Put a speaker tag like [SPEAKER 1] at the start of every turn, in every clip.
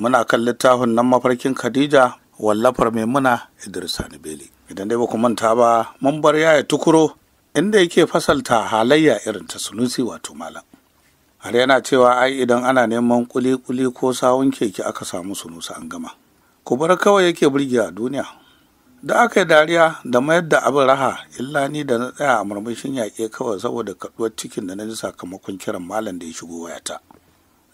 [SPEAKER 1] muna kan littafin nan mafarkin khadija wallafar maimuna idris beli idan dai baku manta ba mun bar yaya tukuro inda yake fasalta halayya irin ta sunusi wato malam har yana cewa ai idan ana neman kuli-kuli ko sawun keke aka samu sunusa an gama ku bar kawai yake burge a duniya da aka yi dariya da mayar da abin raha illa ni da na tsaya a murmushin yaƙe kawai saboda kaɗuwar cikin da na ji sakamakon kiran malam da ya shigo wayata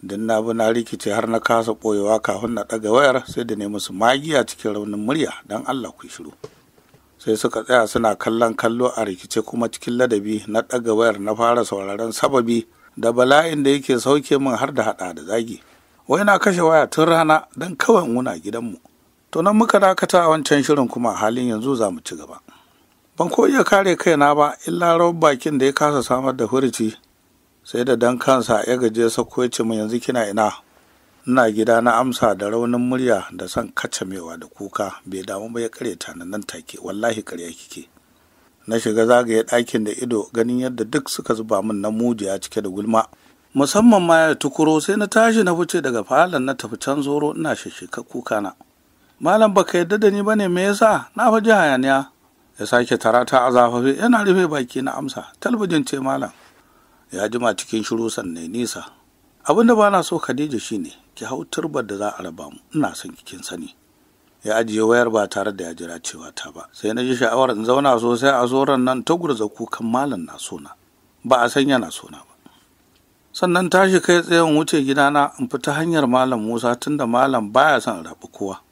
[SPEAKER 1] don na bi na rikice har na kasa ɓoyewa kafin na ɗaga wayar sai da ne su magiya cikin raunin murya don allah ku shiru sai suka tsaya suna kallon kallo a rikice kuma cikin ladabi na ɗaga wayar na fara sauraron sababi da bala'in da yake sauke min har da haɗa da zagi wai na kashe waya tun rana don kawai wuna gidanmu to nan muka dakata a wancan shirin kuma halin yanzu za mu ci gaba ban ko iya kare kaina ba illa rawar bakin da ya kasa samar da furuci sai da dan kansa ya gaje sako ya ce mu yanzu kina ina ina gida na amsa da raunin murya da son kacamewa da kuka bai damu ba ya kare ta nan take wallahi karya kike na shiga zagaye ɗakin da ido ganin yadda duk suka zuba min na mujiya cike da gulma musamman ma ya tukuro sai na tashi na fice daga falon na tafi can zoro ina kuka na. malam baka yadda da ni bane me yasa na fa ji hayaniya ya sake tarata a zafafe yana rufe baki na amsa talbijin ce malam ya jima cikin shiru sannan nisa abin da ba na so khadija shine ki hau turbar da za a raba mu ina son kin sani ya ajiye wayar ba tare da ya jira cewa ta ba sai na ji sha'awar in zauna sosai a zoran nan ta gurza kukan malam na sona ba a san yana sona ba sannan tashi kai tsayen wuce gidana in fita hanyar malam musa tunda malam baya son rabu kowa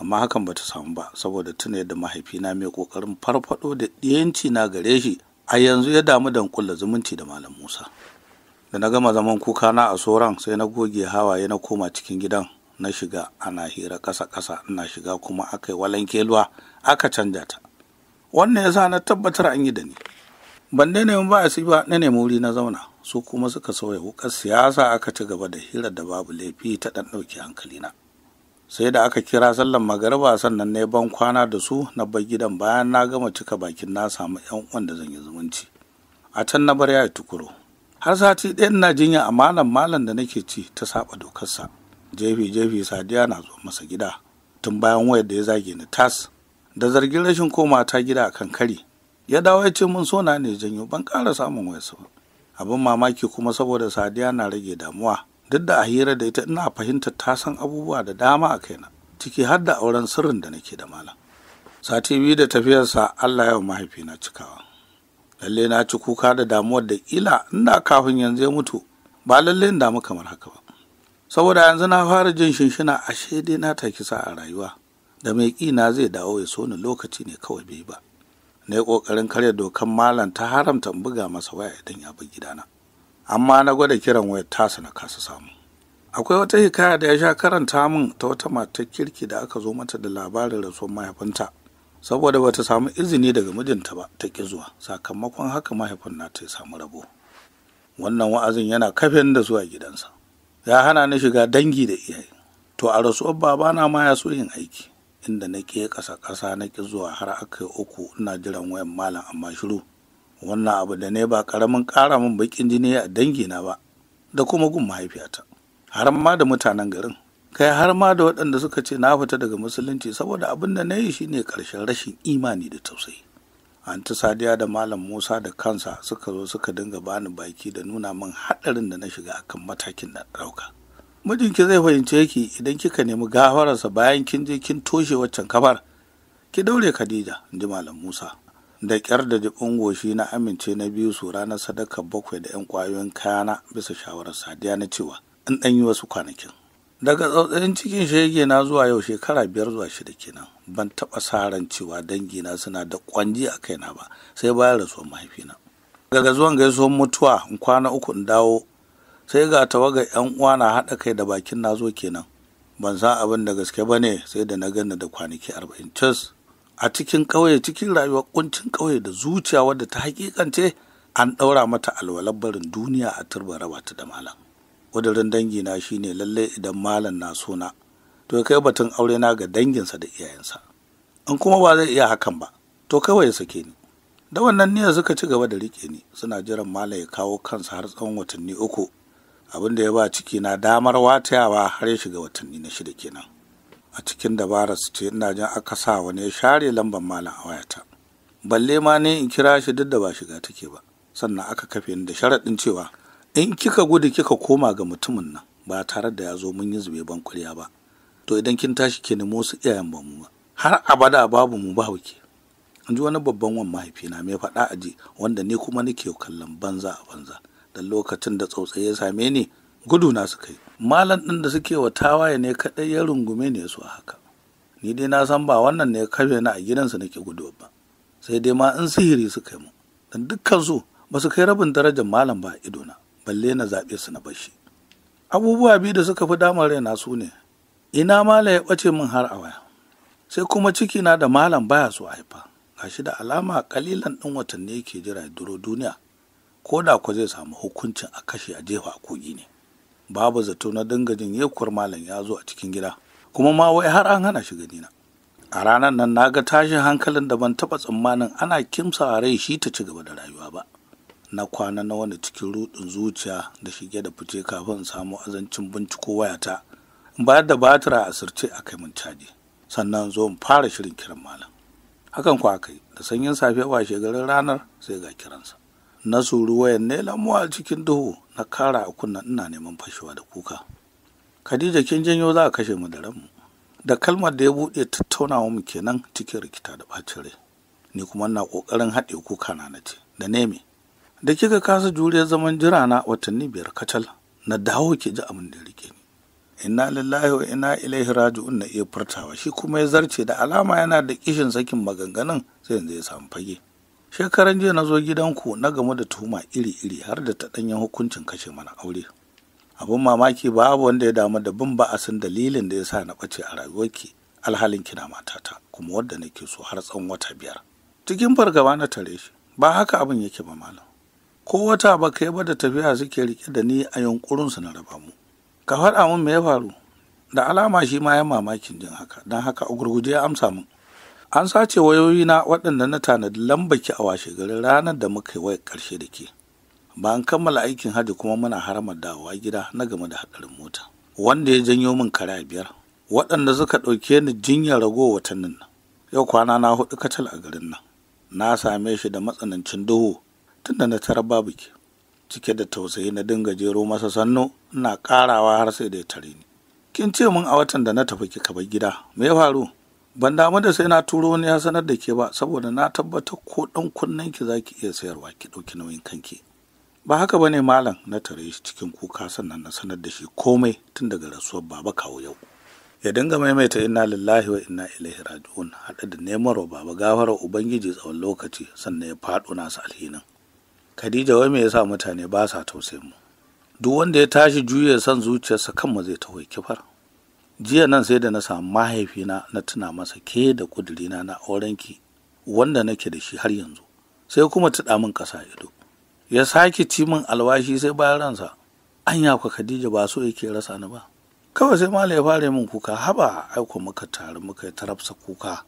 [SPEAKER 1] amma hakan bata samu ba saboda tuna yadda mahaifina mai kokarin farfado da ɗiyanci na gare shi a yanzu ya damu da kulla zumunci da malam musa da na gama zaman kuka na a soran sai na goge hawaye na koma cikin gidan na shiga ana hira ƙasa ƙasa ina shiga kuma aka yi walanke luwa aka canja ta wannan yasa na tabbatar an yi da ni ban ne ba su ba ne ne wuri na zauna su kuma suka sauya wukar siyasa aka ci gaba da hira da babu laifi ta ɗan ɗauki hankalina. na sai da aka kira sallan magariba sannan na ban kwana da su na bar gidan bayan na gama cika bakin na samu yan uwan da zan yi zumunci a can na bar yayi tukuro har sati ɗaya ina jinya a malam malam da nake ci ta saba dokarsa jefi jefi sadiya na zo masa gida tun bayan wayar da ya zage ni tas da zargin rashin koma ta gida a kan kari ya dawo ya ce mun so sona ne janyo ban ƙara samun wayarsa ba abin mamaki kuma saboda sadiya na rage damuwa duk da a hira da ita ina fahimtar ta san abubuwa da dama a kaina ciki har da auren sirrin da nake da malam sati biyu da tafiyarsa allah yau mahaifina cikawa lalle na ci kuka da damuwar da kila ina kafin yanzu ya mutu ba lalle in damu kamar haka ba saboda yanzu na fara jin shinshina ashe dai na taki sa a rayuwa da mai ƙina zai dawo ya so ni lokaci ne kawai bai ba na yi ƙoƙarin karya dokan malam ta haramta in buga masa waya idan ya bi gidana amma na gwada kiran wayar tasa na kasa samu akwai wata hikaya da ya sha karanta min ta wata matar kirki da aka zo mata da labarin rasuwar mahaifinta saboda bata samu izini daga mijinta ba ta ki zuwa sakamakon haka mahaifin na ta samu rabo wannan wa'azin yana kafin da zuwa gidansa ya hana ni shiga dangi da iyaye to a rasuwar babana ma ya so yin aiki inda na ke ƙasa ƙasa na ki zuwa har aka yi uku ina jiran wayan malam amma shiru wannan abu da ne ba karamin ƙara min baƙin jini a dangina ba da kuma gun mahaifiyata har ma da mutanen garin kai har ma da waɗanda suka ce na fita daga musulunci saboda abin da na yi shi ne ƙarshen rashin imani da tausayi anti sadiya da malam musa da kansa suka zo suka dinga bani baki da nuna min haɗarin da na shiga akan matakin da ɗauka mijinki zai fahimce ki idan kika nemi gafararsa bayan kin je kin toshe waccan kafar ki daure khadija in ji malam musa da kyar da jibin goshi na amince na biyu su ranar sadaka bakwai da 'yan kwayoyin kayana bisa shawarar sadiya na cewa in ɗan yi wasu kwanakin daga tsautsayin cikin shege na zuwa yau shekara biyar zuwa shida kenan ban taba sa ran cewa dangina suna da kwanji a kaina ba sai bayan rasuwar mahaifina daga zuwan gaisuwar mutuwa in kwana uku in dawo sai ga tawaga 'yan uwa na haɗa kai da bakin nazo kenan ban san abin da gaske ba ne sai da na gani da kwanaki arba'in cas a cikin ƙauye cikin rayuwar ƙuncin ƙauye da zuciya wadda ta hakikance an ɗaura mata alwalar barin duniya a turba raba ta da malam ƙudurin dangina shine lallai idan malam na suna to kai batun aure na ga danginsa da iyayensa in kuma ba zai iya hakan ba to kawai ya sake ni da wannan niyyar suka ci gaba da riƙe ni suna jiran malam ya kawo kansa har tsawon watanni uku abin da ya ba ciki na damar watayawa har ya shiga watanni na shida kenan a cikin dabarar su ce ina jin aka sa wani ya share lambar malam a wayata balle ma ne in kira shi duk da ba shiga take ba sannan aka kafe ni da sharaɗin cewa in kika gudu kika koma ga mutumin nan ba tare da ya zo mun yi zube ban kurya ba to idan kin tashi ke nemo su iyayen ba mu ba har abada babu mu ba wuke in ji wani babban wan na mai faɗa a ji wanda ni kuma nake kallon banza a banza da lokacin da tsautsaye ya same ni gudu na suka yi malam ɗin da suke wa tawaye ne kaɗai ya rungume ne su haka ni dai na san ba wannan ne karfe na a gidansa nake gudu ba sai dai ma in sihiri su kai mu dan dukkan ba su kai rabin darajar malam ba a idona balle na zaɓe su na bashi abubuwa biyu da suka fi damar raina su ne ina mala ya ɓace min har a waya sai kuma ciki na da malam baya so haifa gashi da alama kalilan ɗin watanni yake jira duro duniya ko da ko zai samu hukuncin a kashe a jefa a kogi ne babu zato na dinga jin yakuwar malam ya zo a cikin gida kuma ma wai har an hana shi gani na a ranar nan na ga tashin hankalin da ban taba tsammanin ana kimsa a rai shi ta ci gaba da rayuwa ba na kwana na wani cikin rudin zuciya da shige da fice kafin samu azancin binciko wayata bayar da batira a sirce a kai mun caji sannan zo in fara shirin kiran malam hakan kwa kai da sanyin safe washe garin ranar sai ga kiransa na suru, wayan ne lamuwa a cikin duhu na kara a kunna ina neman fashewa da kuka khadija kin janyo za a kashe mu da ranmu da kalmar da ya buɗe tattaunawa mu kenan cikin rikita da ɓacin rai ni kuma na ƙoƙarin haɗe kuka na na ce da neme da kika kasa juriyar zaman jira na watanni biyar kacal na dawo ke ji abin da rike ni inna lillahi wa inna ilaihi raji'un na iya furtawa shi kuma ya zarce da alama yana da kishin sakin maganganun sai yanzu ya samu fage shekaran jiya na zo gidanku na game da tuhuma iri-iri har da ta ɗanyen hukuncin kashe mana aure abin mamaki ba abu wanda ya damu da bin ba'asin dalilin da ya sa na ɓace a rayuwarki alhalin kina matata kuma wadda nake so har tsawon wata biyar cikin fargaba na tare shi ba haka abin yake ba malam ko wata ba kai ba da tafiya suke rike da ni a yunkurin su na raba mu ka faɗa min me ya faru da alama shi ma ya mamakin jin haka don haka a gurguje ya amsa min an sace wayoyi na waɗanda na tanadi lambaki a washe garin ranar da muka yi wayar ƙarshe da ke ba an kammala aikin hajji kuma muna haramar dawowa gida na game da haɗarin mota wanda ya janyo min kara biyar waɗanda suka ɗauke ni jinyar rago watannin nan yau kwana na huɗu kacal a garin nan na same shi da matsanancin duhu tunda na tara babu ke cike da tausayi na dinga jero masa sannu ina ƙarawa har sai da ya tare ni kin ce min a watan da na tafi kika bar gida me ya faru ban damu da sai na turo wani ya sanar da ke ba saboda na tabbata ko ɗan kunnen ki zaki iya sayarwa ki ɗauki nauyin kanki ba haka ba ne malam na tare shi cikin kuka sannan na sanar da shi komai tun daga rasuwar baba kawo yau ya dinga maimaita inna lillahi wa inna ilaihi raji'un haɗe da neman baba gafara ubangiji tsawon lokaci sannan ya faɗo nasu alhinin khadija wai me yasa mutane ba sa tausayin mu duk wanda ya tashi juya son zuciyarsa kanmu zai tawaye kifar jiya nan sai da na samu mahaifina na tuna masa ke da kudirina na aurenki wanda nake da shi har yanzu sai kuma tuɗa min ƙasa ido ya sake ci min alwashi sai bayan ransa anya kwa khadija ba so yake rasa ni ba kawai sai Malam ya fara min kuka haba aiko muka taru muka tarafsa kuka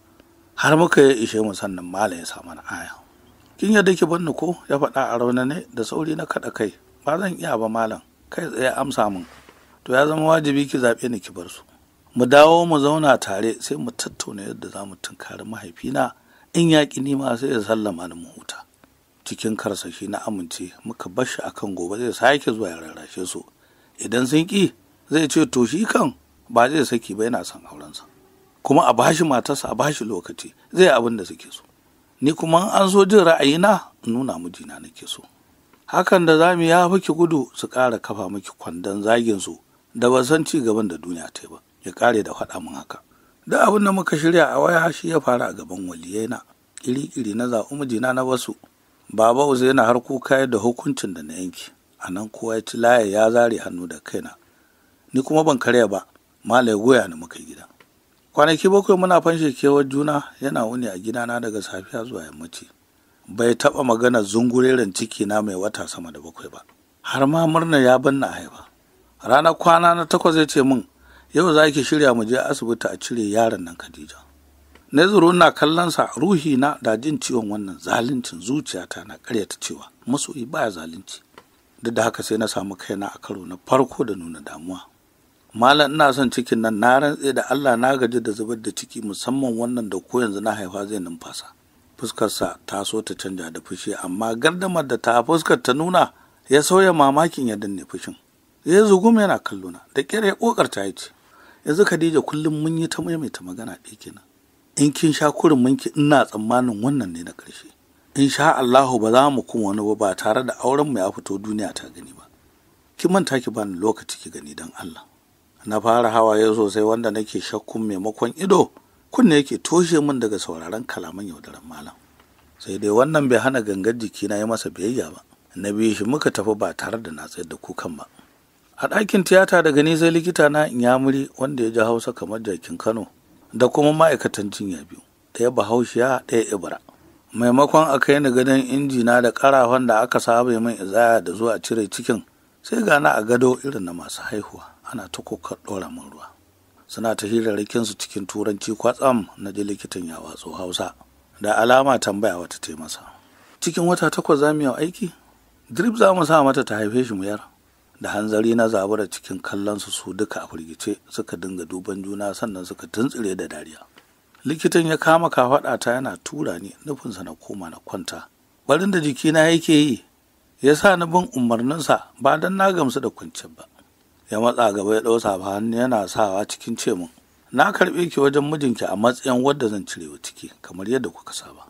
[SPEAKER 1] har muka ya ishe mu sannan Malam ya sa mana aya kin yadda ki banni ko ya faɗa a rauna ne da sauri na kaɗa kai ba zan iya ba malam kai tsaye amsa min to ya zama wajibi ki zaɓe ni ki bar su mu dawo mu zauna tare sai mu tattauna yadda za mu tunkari mahaifina in yaƙi nima sai ya sallama ni mu huta cikin karsashi na amince muka bar shi akan gobe zai sake zuwa ya rarrashe su idan sun ƙi zai ce to shi kan ba zai saki ba yana son aurensa kuma a bashi matarsa a bashi lokaci zai abin da suke so ni kuma an so jin ra'ayina nuna mijina nake so hakan da za mu ya ki gudu su ƙara kafa miki kwandon zagin su da ba san ci gaban da duniya ta yi ba ya kare da faɗa mun haka Duk abin da muka shirya a waya shi ya fara a gaban waliyai na kiri-kiri na zaɓi mujina na wasu baba uzu yana har kuka da hukuncin da na yanke a nan kowa ya ci laye ya zare hannu da kaina ni kuma ban karya ba mala ya goya ni muka gida kwanaki bakwai muna fanshe kewar juna yana wuni a gidana daga safiya zuwa yammaci bai taɓa magana zungurerin ciki na mai wata sama da bakwai ba har ma murna ya banna haifa rana kwana na takwas ya ce min yau za ki shirya mu je asibiti a cire yaron nan Khadija. Na zuro na kallon sa ruhi na da jin ciwon wannan zaluncin zuciyata na karyata cewa masoyi baya zalunci. Duk da haka sai na samu kaina a karo na farko da nuna damuwa. Malam ina son cikin nan na rantse da Allah na gaji da zubar da ciki musamman wannan da ko yanzu na haifa zai numfasa. Fuskarsa ta so ta canja da fushi amma gardamar da ta fuskar ta nuna ya sauya mamakin ya danne fushin. Ya zugum yana kallona da kyar ya kokarta ya ce yanzu Khadija kullum mun yi ta maimaita magana ɗaya kenan in kin sha kurin ki ina tsammanin wannan ne na ƙarshe in sha Allahu ba za mu kuma wani ba tare da auren mu ya fito duniya ta gani ba ki manta ki bani lokaci ki gani dan Allah na fara hawaye sosai wanda nake shakkun maimakon ido kunne yake toshe min daga sauraron kalaman yaudaran malam sai dai wannan bai hana gangar jiki na yi masa biyayya ba na biye shi muka tafi ba tare da na tsayar da kukan ba a ɗakin tiyata daga ni sai likita na inyamuri wanda ya ji hausa kamar jakin kano da kuma ma'aikatan jinya biyu ɗaya bahaushiya ɗaya ibra maimakon a kai ni gadon injina da karafan da aka saba min izaya da zuwa cire cikin sai gana a gado irin na masu haihuwa ana ta kokar ɗora min ruwa suna ta hirarrakin su cikin turanci kwatsam na ji likitan ya watsu hausa da alama tambaya wata masa. cikin wata takwas za mu yi aiki drip za mu sa mata ta haife shi mu yara da hanzari na da cikin kallonsu su duka a firgice suka dinga duban juna sannan suka tuntsire da dariya likitan ya kama kafaɗata yana tura ni nufinsa na koma na kwanta barin da jikina yake yi ya sa ni bin umarninsa ba don na gamsu da kwanciyar ba ya matsa gaba ya ɗausa ba hannu yana sawa cikin ce mun na karɓe ki wajen mijinki a matsayin wadda zan cire wa ciki kamar yadda kuka saba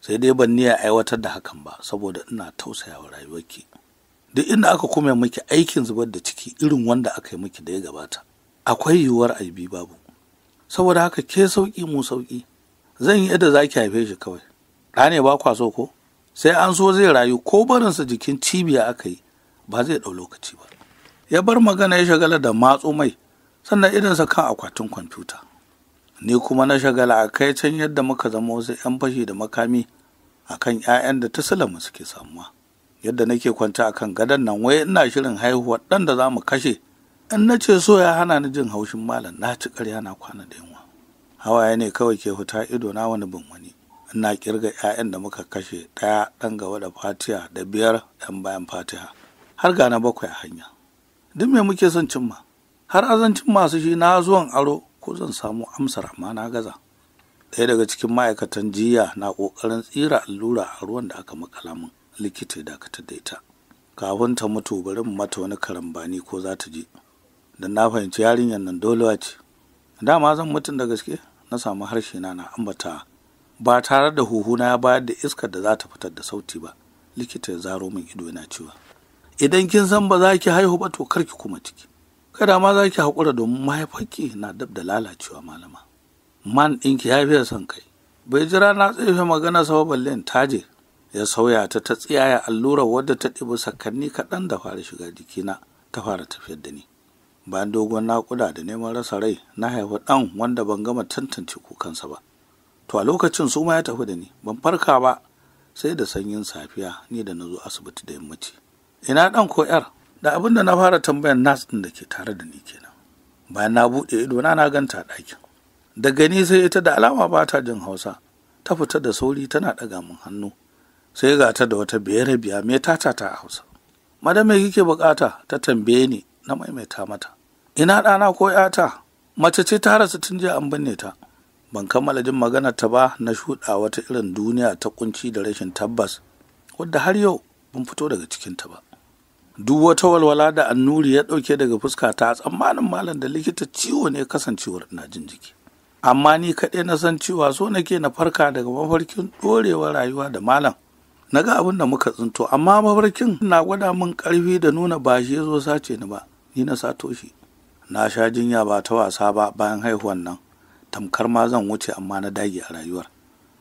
[SPEAKER 1] sai dai ban niyya aiwatar da hakan ba saboda ina tausayawa wa rayuwarki
[SPEAKER 2] duk inda aka kuma
[SPEAKER 1] miki aikin zubar da ciki irin wanda aka yi miki da ya gabata akwai yiwuwar aibi babu saboda haka ke sauki mu sauki zan yi yadda zaki haife shi kawai ɗa ne ba kwa so ko sai an so zai rayu ko barinsa jikin cibiya aka yi ba zai ɗau lokaci ba ya bar magana ya shagala da matso mai sannan sa kan akwatin kwamfuta ni kuma na shagala a kai can yadda muka zama wasu 'yan fashi da makami akan 'ya'yan da ta suke samuwa yadda nake kwanta a kan gadon nan wai ina shirin haihuwa ɗan da za mu kashe in na ce so ya hana ni jin haushin malam na ci ƙarya na kwana da yunwa hawaye ne kawai ke fita ido na wani bin wani ina kirga 'ya'yan da muka kashe ɗaya ɗan gaba da fatiha da biyar ɗan bayan fatiha har ga bakwai a hanya duk me muke son cimma har azancin masu shi na zuwan aro ko zan samu amsar amma na gaza ɗaya daga cikin ma'aikatan jiya na ƙoƙarin tsira allura a ruwan da aka makala min likita ya dakatar da ita kafin ta mutu bari mu mata wani karambani ko za ta je da na fahimci yarinyar nan wa ce dama zan mutun da gaske na samu harshe na na ambata ba tare da huhuna ya bayar da iskar da za ta fitar da sauti ba likita ya zaro min ido yana cewa idan kin san ba za ki haihu ba to kar ki kuma ciki kada ma za ki haƙura domin mahaifarki na dab da lalacewa malama man ɗinki ya fiye son kai bai jira na tsefe magana sa lin, taje ya sauya ta ta tsiyaya allurar wadda ta ɗibi sakanni kaɗan da fara shiga jikina ta fara tafiyar da ni bayan dogon naƙuda da neman rasa rai na haifa ɗan wanda ban gama tantance kukansa ba to a lokacin su ma ya tafi da ni ban farka ba sai da sanyin safiya ni da na zo asibiti da yammaci ina ɗan ko yar da abin da na fara tambayar nas ɗin da ke tare da ni kenan bayan na buɗe ido na na ganta ɗakin da gani sai ita da alama ba ta jin hausa ta fita da sauri tana ɗaga min hannu sai ga ta da wata biyarabiya mai tata ta ta hausa madam me kike bukata ta tambaye ni na maimaita mata ina ɗana ko yata mace ce ta rasu tun jiya an binne ta ban kammala jin maganar ta ba na shuɗa wata irin duniya ta kunci da rashin tabbas wadda har yau ban fito daga cikin ta ba duk wata walwala da annuri ya ɗauke daga fuska ta tsammanin malam da likita ciwo ne kasancewar na jin jiki amma ni kaɗai na san cewa so nake na farka daga mafarkin ɗorewar rayuwa da malam na ga abin da muka tsinto amma mafarkin na gwada min ƙarfi da nuna ba shi zo sace ni ba ni na sato shi na sha jinya ba ta wasa ba bayan haihuwan nan tamkar ma zan wuce amma na dage a rayuwar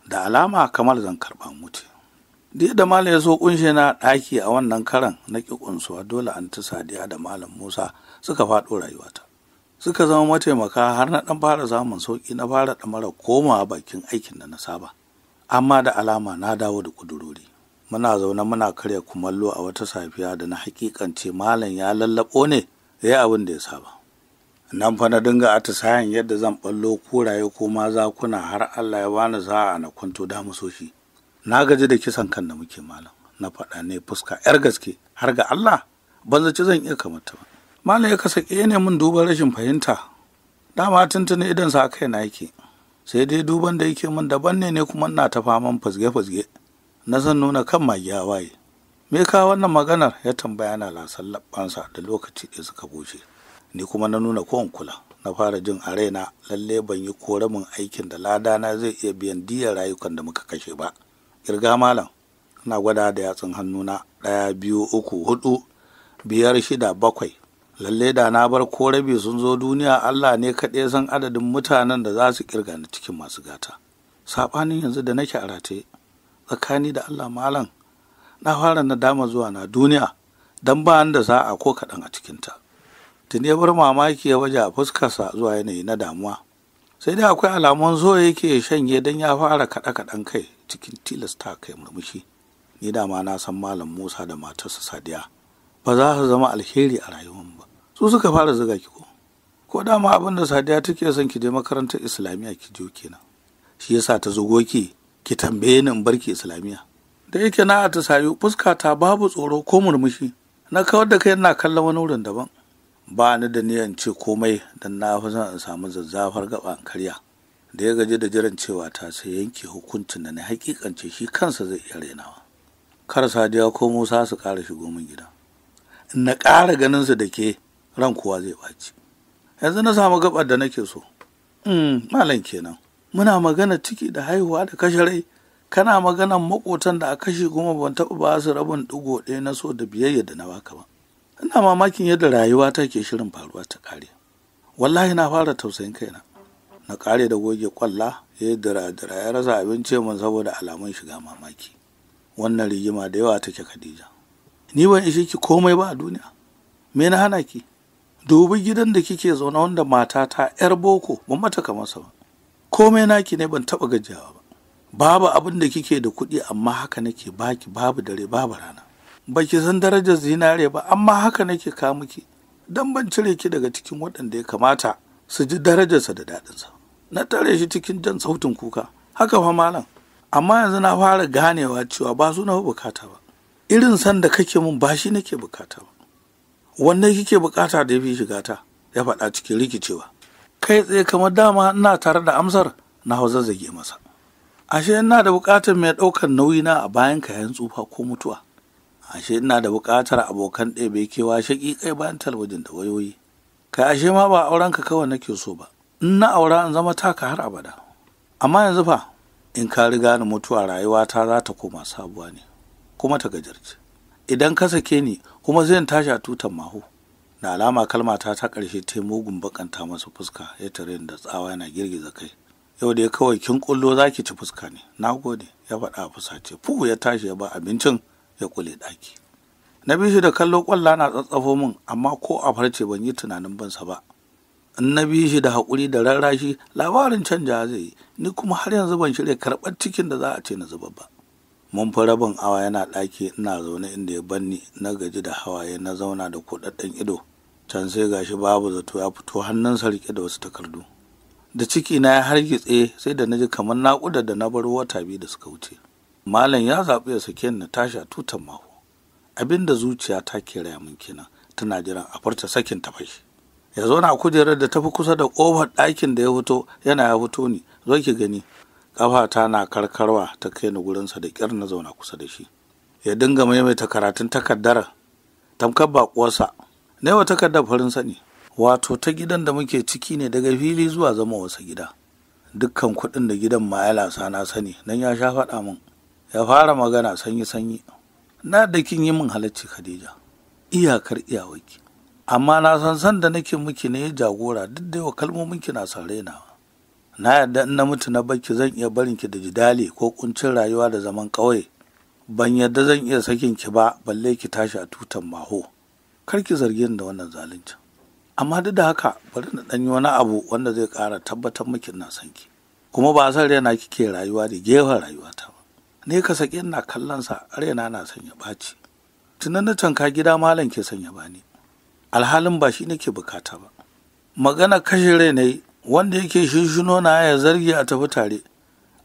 [SPEAKER 1] da alama kamar zan karɓa wuce Diya da malam ya so kunshe na ɗaki a wannan karan na ƙi kunsuwa dole an ta sadiya da malam musa suka faɗo rayuwata suka zama mataimaka har na ɗan fara samun sauƙi na fara ɗamara komawa bakin aikin da na saba amma da alama na dawo da ƙudurori muna zaune muna karya kumallo a wata safiya da na hakikance malam ya lallabo ne ya yi abin da ya saba nan fa na dinga atisayen yadda zan ballo kuraye ko ma zakuna har Allah ya bani sa'a na kwanto da shi. na gaji da kisan kan da muke malam na faɗa ne fuska yar gaske har ga Allah ban zaci zan iya kamata ba malam ya kasa ne mun duban rashin fahimta dama tuntuni idan sa kai na yake sai dai duban da yake mun daban ne ne kuma ina ta faman fasge-fasge na zan nuna kan magiya waye me ka wannan maganar ya tambaya na lasan labbansa da lokaci da suka bushe ni kuma na nuna kowan kula na fara jin a raina lalle ban yi koramin aikin da Lada na zai iya biyan diyar rayukan da muka kashe ba kirga malam na gwada da yatsun hannuna ɗaya biyu uku hudu biyar shida bakwai lalle da na bar ko rabi sun zo duniya allah ne kaɗai san adadin mutanen da za su kirga ni cikin masu gata saɓanin yanzu da nake a rataye tsakani da allah malam na fara nadama zuwa na duniya don ba da za a ko kaɗan a cikinta tuni bar mamaki ya waje a fuskarsa zuwa yanayi na damuwa sai dai akwai alamun zo yake shanye don ya fara kaɗa kaɗan kai cikin tilasta kai murmushi ni dama na san malam musa da matarsa sadiya ba za su zama alheri a rayuwan ba su suka fara zuga ki ko ko dama abin da sadiya take son ki je makarantar islamiyya ki je kenan shi yasa ta zugo ki ki tambaye ni bar barki islamiyya da yake na atisayu fuska ta babu tsoro ko murmushi na kawar da kai ina kallon wani wurin daban ba ni da niyan ce komai don na fi son in samu zazzafar gaban karya da ya gaji da jiran cewa ta sai yanke hukuncin da na hakikance shi kansa zai iya rainawa. kar sadiya ko musa su ƙara shigo min gida na ƙara ganin su da ke ran kowa zai ɓaci yanzu na samu gaɓar da nake so hmm, malam kenan muna magana ciki da haihuwa da kashe rai kana maganan makotan da a kashe kuma ban taɓa ba su rabin ɗigo ɗaya na so da biyayya da na baka ba ina mamakin yadda rayuwa ta ke shirin faruwa ta ƙare wallahi na fara tausayin kaina na ƙare da goge kwalla ya yi dira-dira ya rasa abinci mun saboda alamun shiga mamaki wannan rigima da yawa take khadija ni ban ishe ki komai ba a duniya me na hana ki dubi gidan da kike zaune wanda matata yar boko ban mata kamar sa ba komai naki ne ban taba gajiyawa ba babu abin da kike da kuɗi amma haka nake baki babu dare babu rana baki san darajar zinare ba amma haka nake ka miki dan ban cire ki daga cikin waɗanda ya kamata su ji darajarsa da daɗinsa na tare shi cikin jan sautin kuka haka fa malam amma yanzu na fara ganewa cewa ba su nawa bukata ba irin san da kake mun ba shi nake bukata ba wanne kike bukata da ya fi shiga ta ya faɗa cikin rikicewa kai tsaye kamar dama ina tare da amsar na hau zazzage masa ashe ina da bukatar mai nauyi na a bayan kayan tsufa ko mutuwa ashe ina da bukatar abokan ɗebe kewa shaƙi kai bayan talabijin da wayoyi kai ashe ma ba auren ka kawai nake so ba in na aura in zama taka har abada amma yanzu fa in ka riga ni mutuwa rayuwata za ta koma sabuwa ne kuma ta gajarci idan ka sake ni kuma zan tashi a tutan maho da alama kalmata ta ƙarshe ta mugun bakanta masa fuska ya tare da tsawa yana girgiza kai yau dai kawai kin kullo zaki ci fuska ne na gode ya faɗa a fusace fuhu ya tashi ya ba abincin ya kule ɗaki na bi shi da kallo ƙwallo na tsatsafo min amma ko a farce ban yi tunanin bansa ba in na bi shi da haƙuri da rarrashi labarin canja zai yi ni kuma har yanzu ban shirya karɓar cikin da za a ce na zuba ba mun fi rabin awa yana ɗaki ina zaune inda ya banni na gaji da hawaye na zauna da kuɗaɗɗen ido can sai gashi babu zato ya fito hannun sarki da wasu takardu da ciki na ya hargitse sai da na ji kamar naƙuda da na bar wata biyu da suka wuce malam ya zaɓi ya sake ni tashi a tutan mako abin da zuciya ta kira min kenan tana jiran a furta sakin ta fashi ya zo na kujerar da tafi kusa da ƙofar ɗakin da ya fito yana ya fito ni zo ki gani ƙafata na karkarwa ta kai ni gurinsa da kyar na zauna kusa da shi ya dinga maimaita karatun takaddara. tamkar baƙuwarsa na yawa takardar farin sani wato ta gidan da muke ciki ne daga fili zuwa zama wasa gida dukkan kuɗin da gidan ma ya lasa na sani nan ya sha faɗa min ya fara magana sanyi sanyi na da kin yi min halacci khadija iyakar iyawaki amma na san san da nake miki ne jagora duk da yawa kalmomin ki na sare nawa. na yarda in na mutu na barki zan iya barin ki da jidali ko kuncin rayuwa da zaman ƙauye ban yarda zan iya sakin ki ba balle ki tashi a tutan maho kar ki zargin ni da wannan zalunci amma duk da haka bari na danyi wani abu wanda zai ƙara tabbatar miki na san ki kuma ba san rena kike rayuwa da gefen rayuwata ba ne ka saki ina kallon sa rena na son ya ɓaci tunan na tanka gida malam ke sanya ya bani alhalin ba shi nake bukata ba magana kashe rai na yi wanda yake shinshino na ya zargi a tafi tare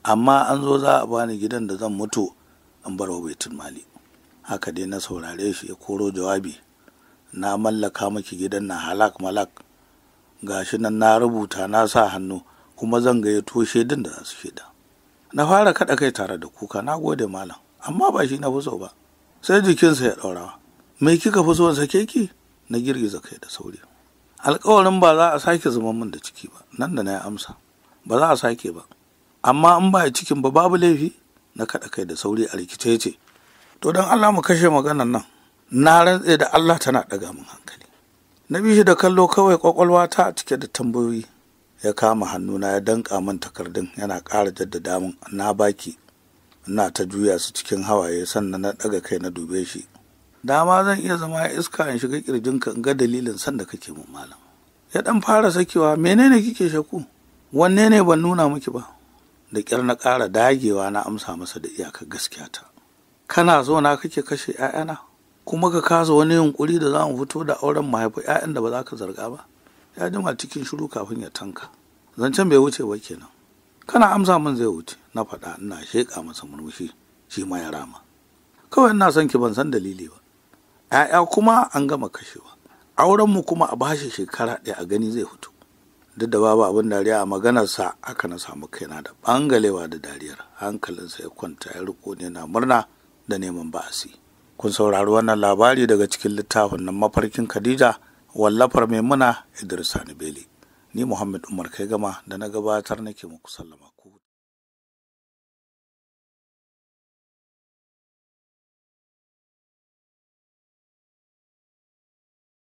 [SPEAKER 1] amma an zo za a bani gidan da zan mutu in bar wa baitul mali haka dai na saurare shi ya koro jawabi na mallaka maki gidan na halak malak gashi nan na rubuta na sa hannu kuma zan gayyato shaidun da za su shaida na fara kaɗa kai tare da kuka na gode malam amma ba shi na fi so ba sai jikinsa ya ɗaurawa mai kika fi so sake ki na girgiza kai da sauri alkawarin ba za a sake zama min da ciki ba nan da na yi amsa ba za a sake ba amma in ba cikin ba babu laifi na kaɗa kai da sauri a rikice ce to don allah mu kashe maganan nan na rantse da allah tana ɗaga min hankali na bi shi da kallo kawai kwakwalwa ta cike da tambayoyi ya kama hannuna ya danƙa min takardun yana ƙara jaddada min na baki ina ta juya su cikin hawaye sannan na ɗaga kai na dube shi dama zan iya zama iska in shiga kirjinka in ga dalilin san da kake mun malam ya dan fara sakewa menene kike shaku wanne ne ban nuna miki ba da kyar na ƙara dagewa na amsa masa da iyakar gaskiya ta kana zo na kake kashe 'ya'yana kuma ka kasa wani yunkuri da za mu fito da auren mahaifa 'ya'yan da ba za ka zarga ba ya jima cikin shiru kafin ya tanka zancen bai wuce ba kenan kana amsa min zai wuce na faɗa ina sheƙa masa murmushi shi ma ya rama kawai ina son ki ban san dalili ba 'ya'ya kuma an gama kashewa aurenmu kuma a bashi shekara ɗaya a gani zai fito duk da babu abin dariya a maganarsa aka na samu kaina da bangalewa da dariyar hankalinsa ya kwanta ya riko ne na murna da neman ba'asi kun saurari wannan labari daga cikin littafin nan mafarkin khadija wallafar maimuna idris beli ni muhammad umar kai gama da na gabatar nake muku sallama